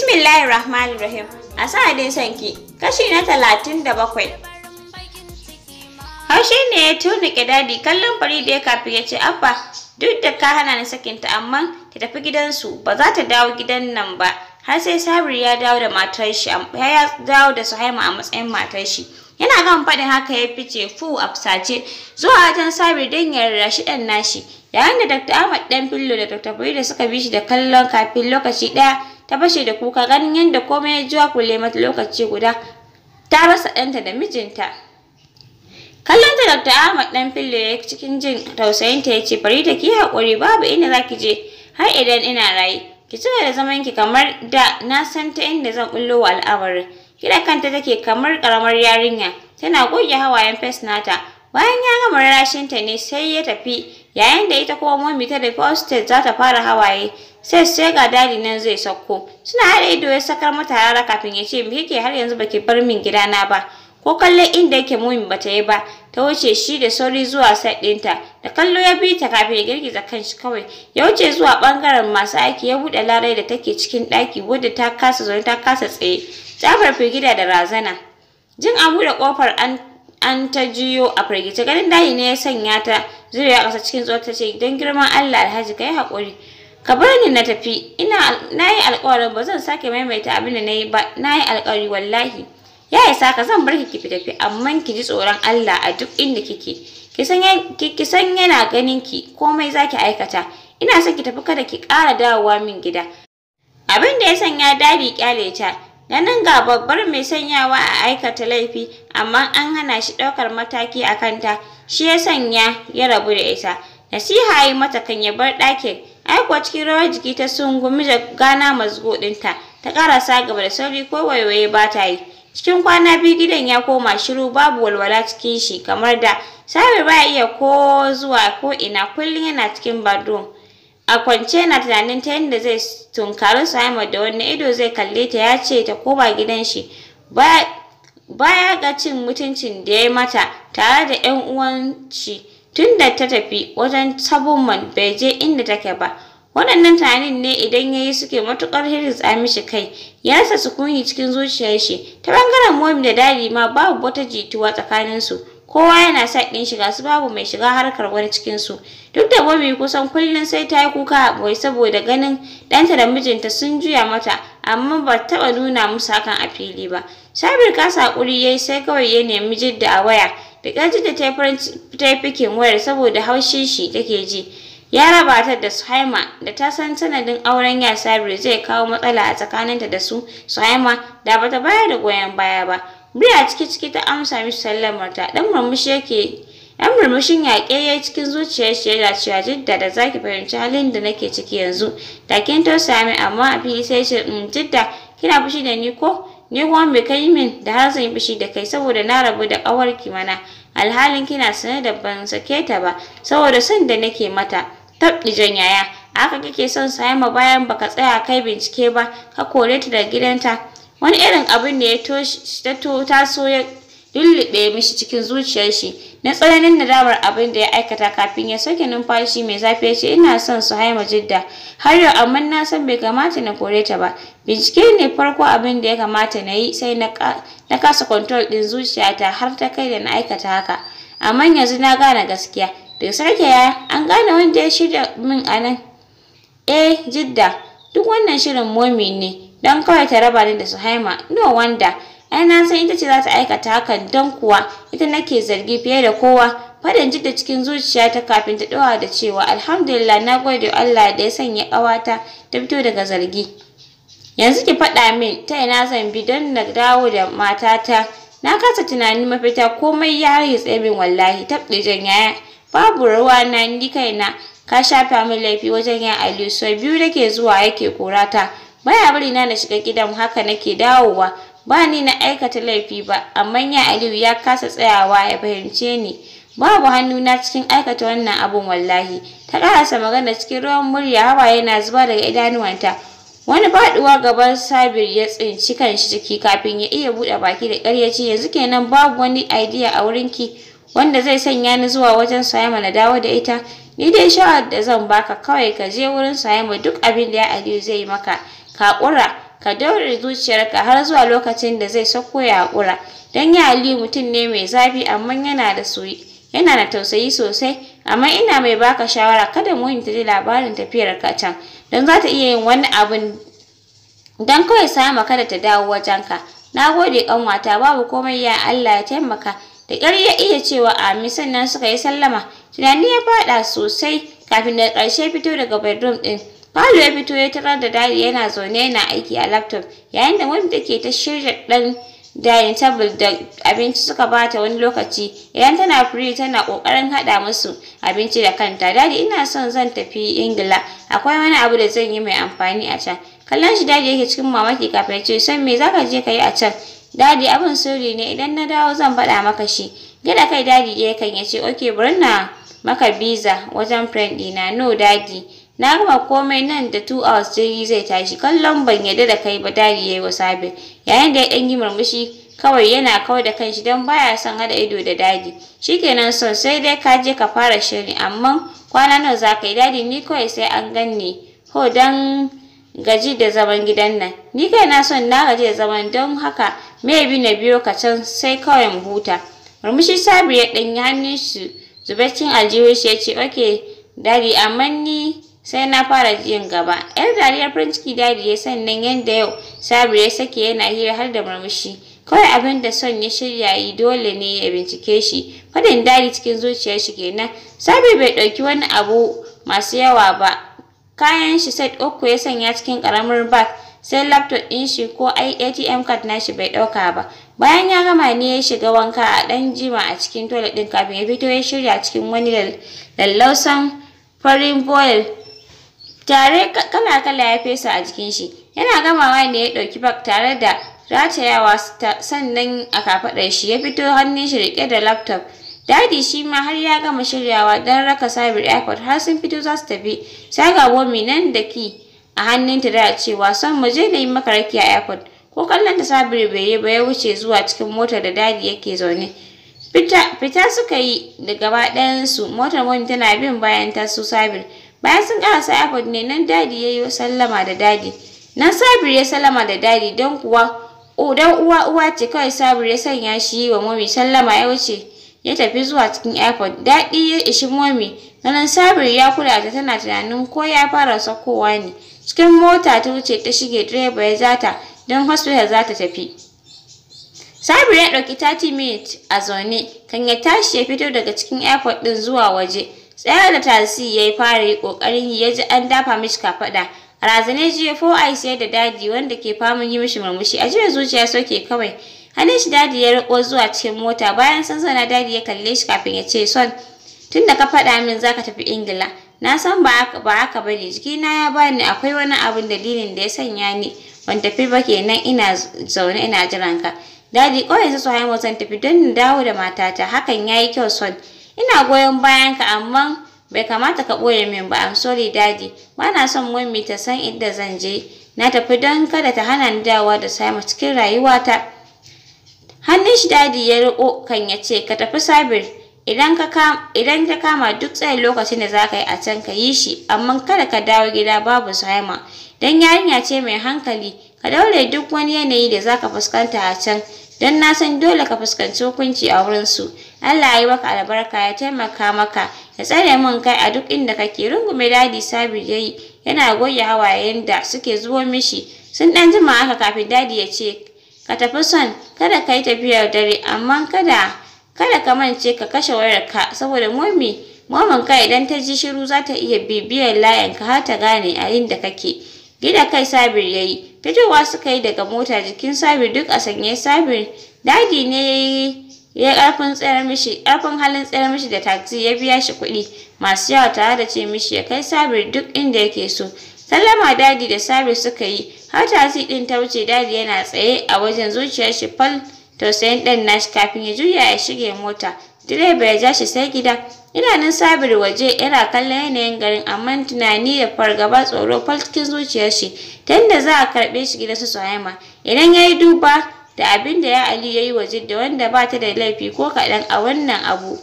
Bismillahir Rahmanir Rahim. A sa'adin sanki, kashi na talatin da bakwai. Haushi ne ya ke dadi kallon fari da ya kafi ya ce, Abba, duk da ka hana ni sakinta amma ta tafi gidansu ba za ta dawo gidan nan ba. Har sai Sabir ya dawo da matar shi, ya dawo da Suhaima a matsayin matar shi. Yana kan faɗin haka ya fice fu a fusace zuwa wajen Sabir don ya ɗan nashi. Yayin da Dr. Ahmad ɗan fillo da Dr. Buhari da suka bi shi da kallon kafin lokaci ɗaya ta fashe da kuka ganin yadda komai ya jiwa kule mata lokaci guda ta rasa ɗanta da mijinta kallon ta dr ahmad dan fillo ya cikin jin tausayinta ya ce bari da ki hakuri, babu inda za ki je har idan ina rayu. ki ci da zaman ki kamar da na san ta inda zan bullo wa al'amarin kira kanta take kamar karamar yarinya tana goge hawayen fes nata bayan ya gama rashinta ne sai ya tafi yayin da ita kuma momi ta da fostet za ta fara hawaye sai sai ga dadi nan zai sauko suna haɗa ido ya sakar mata rara kafin ya ce me yake har yanzu baki bar min gidana ba ko kallon inda yake ba bata yi ba ta wuce shi da sauri zuwa set ɗinta da kallo ya bi ta kafin ya girgiza kanshi kawai ya wuce zuwa bangaren masu aiki ya buɗe larai da take cikin ɗaki wadda ta kasa zaune ta kasa tsaye ta farfe gida da razana jin an buɗe kofar an an ta jiyo a firgice ganin dahi ne ya sanya ta zuriya ƙasa cikin tsohon ta ce don girman Allah alhaji ka yi haƙuri ka bar ni na tafi ina na yi alƙawarin ba zan sake maimaita abin da na yi ba na yi alƙawari wallahi ya isa ka zan bar ki ki tafi amma ki ji tsoron Allah a duk inda kike ki san yana ganin ki komai zaki aikata ina son ki tafi kada ki ƙara dawowa min gida abin da ya sanya dadi kyale ta na nan ga babbar mai sanyawa a aikata laifi amma an hana shi ɗaukar mataki a kanta shi ya sanya ya rabu da ita nasiha yi mata kan ya bar ɗakin ai cikin rawar jiki ta sungumi da gana mazgo ɗinta ta karasa gaba da sauri ko waiwaye ba ta yi cikin kwana biyu gidan ya koma shiru babu walwala cikin shi kamar da sabir ba iya ko zuwa ko ina kullum yana cikin bedroom a kwance yana tunanin ta yadda zai tunkari Simon da wani ido zai kalle ta ya ce ta koma gidan shi baya ga cin mutuncin da ya mata tare da 'yan uwan tunda ta tafi wajen tabumman bai je inda take ba waɗannan tunanin ne idan ya yi suke matuƙar hiritsa mishi kai ya rasa sukuni cikin zuciyar shi ta ɓangaren momi da dadi ma babu wata jituwa tsakaninsu kowa yana sa ɗin shiga su babu mai shiga harkar wani cikinsu duk da momi kusan kullum sai ta yi kuka a saboda ganin ɗanta da mijinta sun juya mata amma ba taɓa nuna musu hakan a fili ba sabir kasa haƙuri ya sai kawai ya nemi jidda a waya Da ƙarfi da ta yi fikin wayar saboda haushin shi take ji. Ya raba ta da Suhaima da ta san sanadin auren ya sabiru zai kawo matsala a tsakaninta da su Suhaima da bata bayar da goyon baya ba. Biya ciki-ciki ta amsa mishi sallamarta ɗan murmushi yake ‘Yan murmushin yaƙe ya cikin zuciyar shi yana cewa Jidda da zaki fahimci halin da nake ciki yanzu. Da kin tausaya amma a fili sai ce mm, Jidda kina fushi da ni ko? ni kuma me kai min da har zan yi bishi da kai saboda na rabu da ƙawarki mana alhalin kina sane da ban sake ta ba saboda son da nake mata tabɗi jan yaya haka kike son sayama bayan baka tsaya kai bincike ba ka kore ta da gidanta wani irin abin da ya taso ya lullube mishi cikin zuciyar shi na tsananin nadamar abin da ya aikata kafin ya soke numfashi mai zafi ya ce ina son su haima jidda har yau amma na san bai kamata na kore ta ba bincike ne farko abin da ya kamata na yi sai na kasa control din zuciyata har ta kai da na aikata haka amma yanzu na gane gaskiya daga sarki ya an gane wanda ya shirya min a nan eh jidda duk wannan shirin momi ne don kawai ta raba ni da su haima, no wanda ai na san ita ce za ta aikata hakan don kuwa ita nake zargi fiye da kowa fadan jidda cikin zuciya ta kafin ta dawa da cewa alhamdulillah na gode Allah da ya sanya ƙawata ta fito daga zargi yanzu ki faɗa min ta ina zan bi don na dawo da matata na kasa tunanin mafita komai ya yi tsemin wallahi tab jan yaya babu ruwa na ni kaina ka shafa min laifi wajen ya aliyu sau biyu nake zuwa yake korata baya bari na na shiga gidan haka nake dawowa ba ni na aikata laifi ba amma ya Aliyu ya kasa tsayawa ya fahimce ni babu hannuna cikin aikata wannan abun wallahi ta karasa magana cikin ruwan murya hawa yana zuba daga idanuwanta wani faduwa gaban sabir ya tsinci kanshi ciki kafin ya iya bude baki da ƙaryaci yanzu kenan babu wani idea a wurinki wanda zai sanya ni zuwa wajen Sayama na dawo da ita ni dai shawar da zan baka kawai ka je wurin Sayama duk abin da ya Aliyu zai maka ka kura. ka daure zuciyarka har zuwa lokacin da zai sako ya haƙura don ya aliyu mutum ne mai zafi amma yana da soyi yana da tausayi sosai amma ina mai baka shawara kada mu ta ji labarin tafiyar ka can don za ta iya yin wani abun don kawai sama kada ta dawo wajenka na gode kanwata, babu komai ya allah ya taimaka da ƙyar ya iya cewa ami sannan suka yi sallama tunani ya faɗa sosai kafin da ƙarshe fito daga bedroom ɗin Falo ya fito ya tarar da dadi yana zaune yana aiki a laptop yayin da wanda ke ta shirya dan dining table da abinci suka bata wani lokaci idan tana free tana kokarin hada musu abinci da kanta dadi ina son zan tafi ingila akwai wani abu da zan yi mai amfani a can kallon shi dadi yake cikin mamaki kafin ya ce san me zaka je ka yi a can dadi abin sirri ne idan na dawo zan faɗa maka shi gida kai dadi ya kan ya ce okay bari na maka visa wajen friend ɗina no dadi na gama komai nan da 2 hours jirgi zai tashi kallon ban yadda da kai ba dadi yayi wa sabir yayin da ya dan yi murmushi kawai yana kawai da kanshi don baya son hada ido da dadi shikenan son sai dai ka je ka fara shiri amma kwana nawa za ka yi dadi ni kawai sai an ganni ho dan gaji da zaman gidan nan ni kai na son na gaji da zaman don haka bi na biyo ka can sai kawai mu huta murmushi sabi ya danyi hannun shi zubacin aljihu shi ya ce okay dadi amma ni sai na fara jin gaba yar dariyar farin ciki dadi ya sannan yanda yau sabir ya sake yana hira har da murmushi kawai abin da son ya shirya yi dole ne ya bincike shi fadin dadi cikin zuciyar shi kenan sabir bai dauki wani abu masu yawa ba kayan shi set uku ya sanya cikin karamar bag sai laptop din shi ko ATM card shi bai dauka ba bayan ya gama ne ya shiga wanka a dan jima a cikin toilet din kafin ya fito ya shirya cikin wani lallausan farin boil tare kala-kala ya fesa a jikin shi yana gamawa ne ya ɗauki bak tare da ratayawa sannan a kafaɗar shi ya fito hannun shi riƙe da laptop dadi shi ma har ya gama shiryawa don raka cyber airport har sun fito za su tafi sai ga nan da ki a hannun ta da cewa son mu je da yi maka raki a airport ko kallon ta sabir bai yi ba ya wuce zuwa cikin mota da dadi yake zaune fita suka yi da gaba ɗayansu motar wani tana bin bayan ta su sabir bayan sun karasa airport ne nan dadi ya yi sallama da dadi nan sabir ya sallama da dadi don kuwa dan uwa uwa ce kawai sabir ya sanya shi yi wa momi sallama ya wuce ya tafi zuwa cikin airport daɗi ya ishi momi ganin sabir ya kula ta tana tunanin ko ya fara sakowa ne cikin mota ta wuce ta shige direba ya zata don hospital za ta tafi sabir ya ɗauki 30 minutes a zaune kan ya tashi ya fito daga cikin airport ɗin zuwa waje tsayar da tasi ya yi fara yi ƙoƙarin ya ji an dafa mishi kafaɗa a razane jiya fo a sayar da dadi wanda ke famun yi mishi murmushi a jiya zuciya soke kawai hannun shi dadi ya riko zuwa cikin mota bayan san sana dadi ya kalle shi kafin ya ce son tunda ka faɗa min zaka tafi ingila na san ba haka ba ne jikina ya bani akwai wani abin dalilin da ya sanya ni ban tafi ba kenan ina zaune ina jiran ka dadi kawai su haimu zan tafi don dawo da matata hakan ya yi kyau son ina goyon bayan ka amma bai kamata ka boye min ba I'm sorry daddy ba na son mummy ta san inda zan je na tafi don kada ta hana ni dawowa da Simon cikin rayuwata hannun shi daddy ya riko kan ya ce ka tafi Sabir idan ka kama idan ka kama duk tsayin lokacin da zaka yi a can ka yi shi amma kada ka dawo gida babu Simon dan yarinya ce mai hankali ka daure duk wani yanayi da zaka fuskanta a can don na san dole ka fuskanci hukunci a wurinsu Allah ya yi maka albarka ya taimaka maka ya tsare mun kai a duk inda kake rungume dadi sabir ya yi yana goge hawayen da suke zuwa mishi sun ɗan jima haka kafin dadi ya ce ka tafi son kada ka yi tafiyar dare amma kada kada ka mance ka kashe wayarka saboda momi momin ka idan ta ji shiru za ta iya bibiyar layinka har ta gane a inda kake gida kai sabir ya fitowa suka yi daga mota jikin sabir duk a sanye sabir dadi ne ya karfin tsayar mishi karfin halin tsayar mishi da taxi ya biya shi kuɗi masu yawa tare da ce mishi ya kai sabir duk inda yake so sallama dadi da sabir suka yi har tasi din ta wuce dadi yana tsaye a wajen zuciyar shi fal tausayin ɗan nashi kafin ya juya ya shige mota direba ya ja shi sai gida idanun sabir waje yana kallon yanayin garin amma tunani da fargaba tsoro falkin zuciyar shi ta za a karɓe shi su suhaima idan ya yi duba da abin da ya ali ya yi da da wanda ba ta da laifi ko kaɗan a wannan abu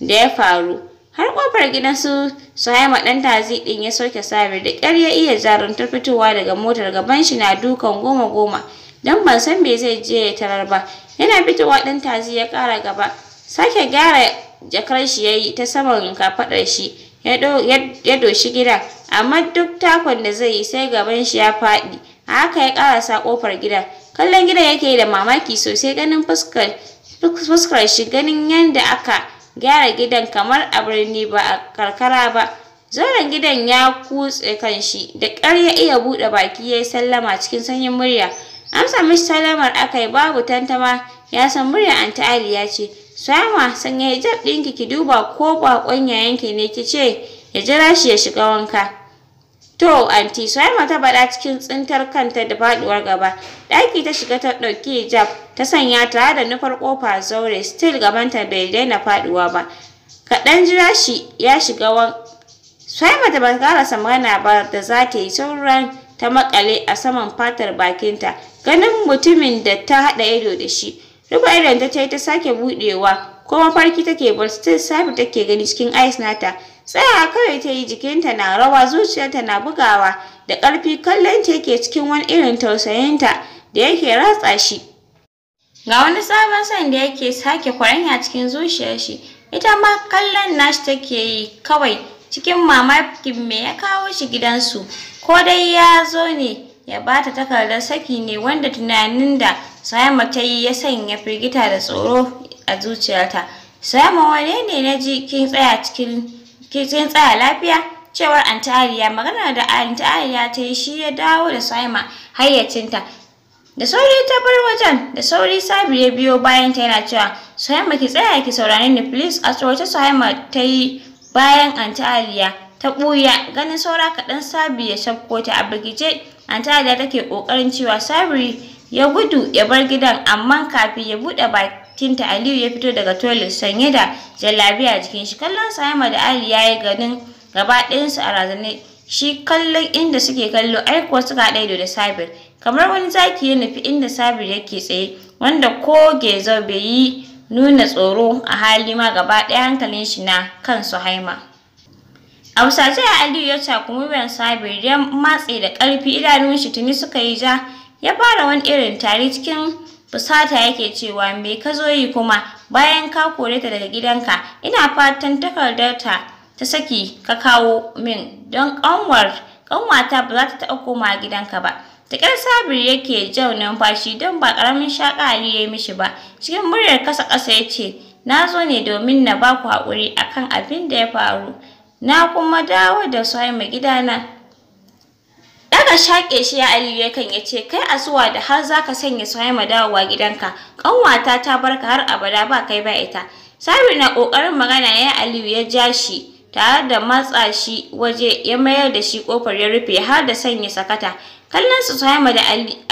da ya faru har kofar gidan su Suhaima dan tazi din ya soke sabir da ƙyar ya iya jaruntar fitowa daga motar gaban shi na dukan goma goma dan ban san me zai je ya tarar ba yana fitowa dan tazi ya kara gaba sake gyara jakar shi ya yi ta saman kafaɗar shi ya doshi gidan amma duk takon da zai yi sai gaban shi ya faɗi a haka ya karasa kofar gidan kallon gidan yake da mamaki sosai ganin fuskar shi ganin yadda aka gyara gidan kamar a birni ba a karkara ba zoren gidan ya kutse kan shi, da kar ya iya buɗe baki ya yi sallama cikin sanyin murya amsa mishi sallamar aka yi babu tantama ya san murya anta aliya ce Sama sanya hijab ɗinki ki duba ko bakon yayanki ne ki ce ya jira shi ya shiga wanka. To anti Suhaima ta bada cikin tsintar kanta da faɗuwar gaba. ɗaki ta shiga ta ɗauki hijab ta sanya ta da nufar kofa zaure still gabanta bai daina faɗuwa ba. Kaɗan jira shi ya shiga wan Suhaima ta ba karasa magana ba da za ta yi sauran ta maƙale a saman fatar bakinta ganin mutumin da ta haɗa ido da shi. Rufe idon ta ce ta sake buɗewa, ko mafarki take bar still Sabir take gani cikin eyes nata. Tsaya kawai ta yi jikinta na rawa, zuciyarta na bugawa da ƙarfi kallon ta yake cikin wani irin tausayinta da yake ratsa shi. Ga wani sabon son da yake sake kwaranya cikin zuciyar shi, ita ma kallon nashi take yi kawai cikin mamakin me ya kawo shi gidansu, ko dai ya zo ne ya bata takardar saki ne wanda tunanin da Sayama ta yi ya sanya firgita da tsoro a zuciyarta. Sayama wane ne na ji kin tsaya cikin kin tsaya lafiya? Cewar Anta magana da Anta ta yi shi ya dawo da Sayama hayyacinta. Da sauri ta bar wajen, da sauri Sabir ya biyo bayan ta yana cewa, "Suhaima ki tsaya ki saurare ni please." A tsorata Suhaima ta yi bayan Anta ta ɓuya, ganin saura kaɗan Sabir ya shafko ta a bugije Anta Ada take kokarin cewa Sabri ya gudu ya bar gidan amma kafin ya buɗe bakinta Aliyu ya fito daga toilet sanye da jallabiya a jikin shi. Kallon Sa'ima da Ali ya yi ganin gaba su a razane shi kallon inda suke kallo ai kuwa suka da ido da Sabir. Kamar wani zaki ya nufi inda Sabir yake tsaye wanda ko gezo bai yi nuna tsoro a hali ma gaba ɗaya hankalin shi na kan haima. A a Aliyu ya kuma wuyan Sabir ya matse da ƙarfi idanun shi tuni suka yi ja ya fara wani irin tari cikin fusata yake cewa me ka zo yi kuma bayan ka kore ta daga gidanka ina fatan takardar ta ta saki ka kawo min don ƙanwar ƙanwata ba za ta taɓa koma gidanka ba. ta Takar Sabir yake jau numfashi don ba ƙaramin shaƙa Aliyu ya mishi ba cikin muryar kasa-kasa ya ce na zo ne domin na ba ku haƙuri akan abin da ya faru. na kuma dawo da Suhaima gidana. Daga shaƙe shi ya Aliyu yakan ya ce, Kai a zuwa da har za ka sanya Suhaima dawowa gidanka, ƙanwata ta barka har abada ba kai ba ita. Sabi na ƙoƙarin magana ya Aliyu ya ja shi tare da matsa shi waje ya mayar da shi ƙofar ya rufe har da sanya sakata. Kallon su Suhaima da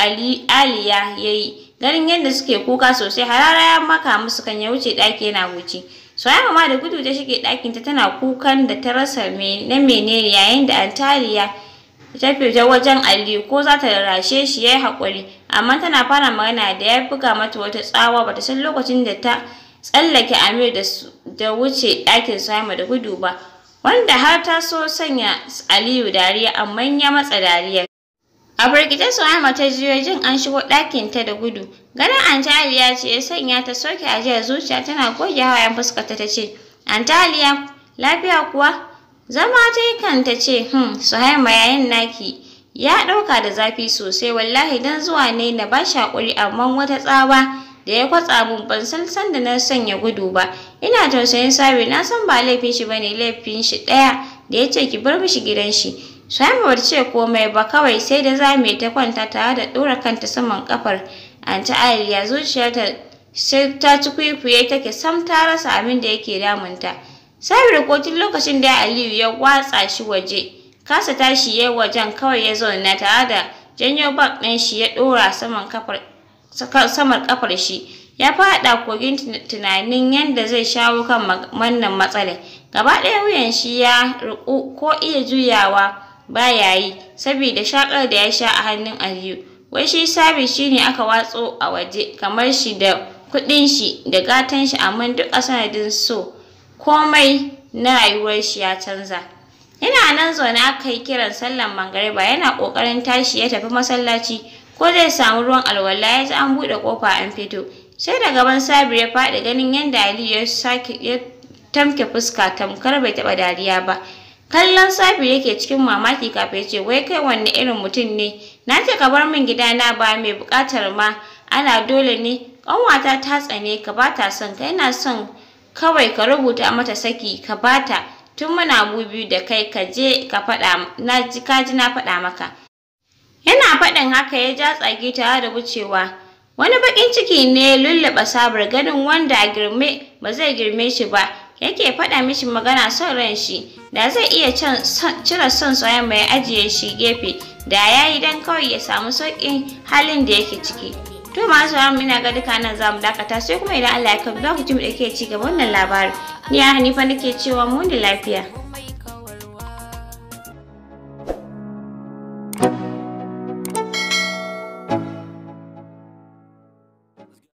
Ali Aliya ya yi, ganin yadda suke kuka sosai harara ya maka musu kan ya wuce ɗaki yana wuce. Soyama ma da gudu ta shige ta tana kukan da ta rasa na menene yayin da Antariya ta fita wajen Ali ko za ta rashe shi yayi hakuri amma tana fara magana da ya buga mata wata tsawa bata san lokacin da ta tsallake Amir da da wuce ɗakin Soyama da gudu ba wanda har ta so sanya Aliyu dariya amma ya matsa dariya. A burkice Suhaima ta jiyo jin an shigo ɗakinta da gudu. Ganin Anta Aliya ce ya sanya ta soke ajiyar zuciya tana goge hawayen fuskarta ta ce, Anta Aliya, lafiya kuwa? Zama ta yi kanta ce, hmm, Suhaima yayin naki ya ɗauka da zafi sosai wallahi don zuwa ne na ba shi haƙuri amma wata tsawa da ya kwatsa mun ban san san da na sanya gudu ba. Ina tausayin Sabi na san ba laifin shi ba ne, laifin shi ɗaya da ya ce ki bar mishi gidan shi. Shami ce komai ba kawai sai da zame ta kwanta tare da ɗora kanta saman kafar ariya Aliya zuciyarta sai ta ci kwikwiye take sam ta rasa abin da yake damunta. Sabir kotun tun lokacin da Aliyu ya watsa shi waje kasa tashi ya wajen kawai ya zauna tare da janyo bak ɗin shi ya ɗora saman ƙafar samar kafar shi ya faɗa kogin tunanin yadda zai shawo kan wannan matsalar gaba ɗaya wuyan shi ya riƙu ko iya juyawa baya yi saboda shakar da ya sha a hannun Aliyu wai shi sabi shine aka watso a waje kamar shi da kudin shi da gatan shi amma duk a sanadin so komai na rayuwar shi ya canza yana nan zaune aka yi kiran sallan mangariba yana kokarin tashi ya tafi masallaci ko zai samu ruwan alwala ya ji an bude kofa an fito sai da gaban sabir ya faɗi ganin yadda Aliyu ya sake ya tamke fuska tamkar bai taɓa dariya ba Kallon Safi yake cikin mamaki kafin ce wai kai wanne irin mutum ne? Na ce ka bar min gidana ba mai buƙatar ma ana dole ne. Ƙanwata ta tsane ka ba ta son ka yana son kawai ka rubuta mata saki ka ba ta tun muna mu biyu da kai ka je ka faɗa na ji ka ji na faɗa maka. Yana faɗin haka ya ja tsage tare da wucewa. Wani baƙin ciki ne lullaba sabar ganin wanda girme ba zai girme shi ba yake faɗa mishi magana son ran shi. da zai iya cire son soyayya mai ajiye shi gefe da ya yi don kawai ya samu sauƙin halin da yake ciki to su mu ina ga duka nan zamu dakata sai kuma idan Allah ya kawo za ku ci mu dake ci gaba wannan labarin ni a Hanifa nake cewa mu da lafiya